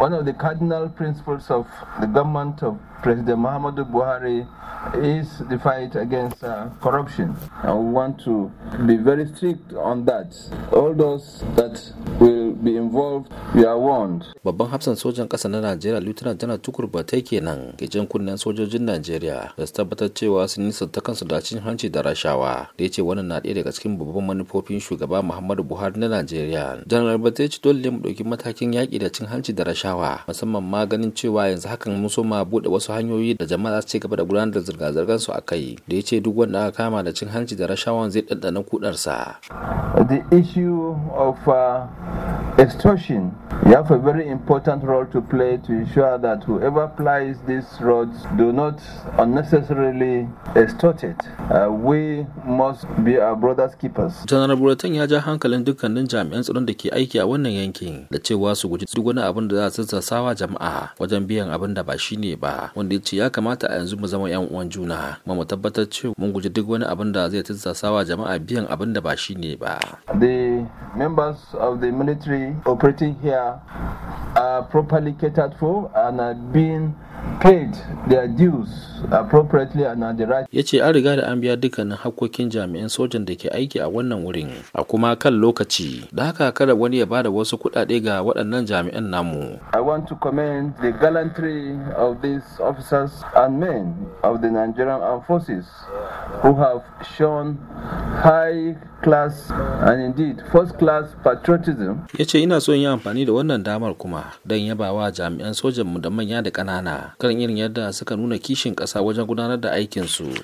One of the cardinal principles of the government of President Muhammadu Buhari is the fight against uh, corruption. And we want to be very strict on that. All those that be involved, we are warned. Babban hafsan sojan ƙasa na Najeriya Lieutenant General Tukur Batai kenan ke jan kunnen sojojin Najeriya da su tabbatar cewa sun yi ta kansu da cin hanci da rashawa. Da ya ce wannan na ɗaya daga cikin babban manufofin shugaba Muhammadu Buhari na Najeriya. General Batai ce dole mu ɗauki matakin yaƙi da cin hanci da rashawa musamman ma ganin cewa yanzu hakan mun so ma buɗe wasu hanyoyi da jama'a za su ci gaba da gudanar da zirga-zirgar su a kai. Da ya ce duk wanda aka kama da cin hanci da rashawa zai ɗanɗana kuɗarsa. The issue of uh, extortion. You have a very important role to play to ensure that whoever plies these roads do not unnecessarily extort it. Uh, we must be our brother's keepers. Janar Buratan ya ja hankalin dukkanin jami'an tsaron da ke aiki a wannan yankin da cewa su guji duk wani abin da za su sassawa jama'a wajen biyan abin da ba shi ne ba wanda ya ce ya kamata a yanzu mu zama yan uwan juna kuma mu tabbatar cewa mun guji duk wani abin da zai sassawa jama'a biyan abin da ba shi ne ba. The members of the military operating here are properly catered for and are being paid their dues appropriately and at the right ya ce an riga da an biya dukkanin hakkokin jami'an sojan da ke aiki a wannan wurin a kuma kan lokaci da haka kada wani ya bada wasu kuɗaɗe ga waɗannan jami'an namu i want to commend the gallantry of these officers and men of the nigerian armed forces who have shown high class and indeed first class patriotism ya ce ina so in yi amfani da wannan damar kuma don yaba wa jami'an sojanmu da manya da ƙanana kan irin yadda suka nuna kishin ƙasa wajen gudanar da aikinsu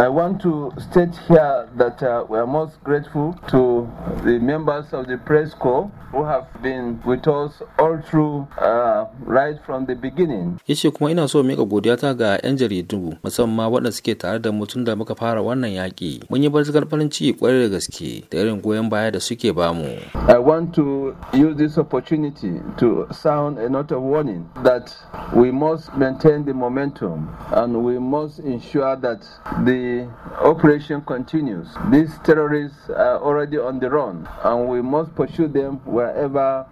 I want to state here that uh, we are most grateful to the members of the press corps who have been with us all through uh, right from the beginning. Ya ce kuma ina so godiya godiyata ga 'yan jaridu musamman waɗanda suke tare da mu tun da muka fara wannan yaƙi. Mun yi barzikar farin ciki kwarai da gaske da irin goyon baya da suke bamu. I want to use this opportunity to sound a note of warning that we must maintain the momentum and we must ensure that the operation continues. These terrorists are already on the run and we must pursue them wherever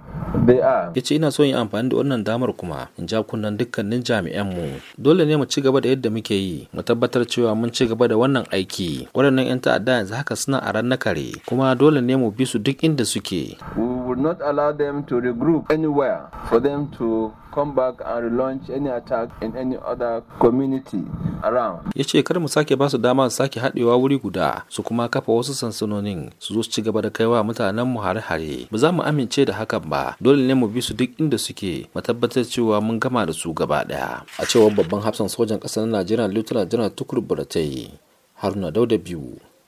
they are. Ya ce ina so yin amfani da wannan damar kuma in ja kunnan dukkanin jami'anmu. Dole ne mu ci gaba da yadda muke yi, mu tabbatar cewa mun ci gaba da wannan aiki. Waɗannan 'yan ta'adda yanzu haka suna a ran kare kuma dole ne mu bi su duk inda suke. We would not allow them to regroup anywhere for them to come back and relaunch any attack in any other community around. Ya ce kar mu sake basu dama su sake haɗewa wuri guda su kuma kafa wasu sansanonin su zo su ci gaba da kaiwa mutanen mu hare-hare. Ba za mu amince da hakan ba. Dole ne mu bi su duk inda suke mu tabbatar cewa mun gama da su gaba ɗaya. A cewar babban hafsan sojan ƙasar Najeriya Lieutenant General Tukur Buratai Haruna Dauda biyu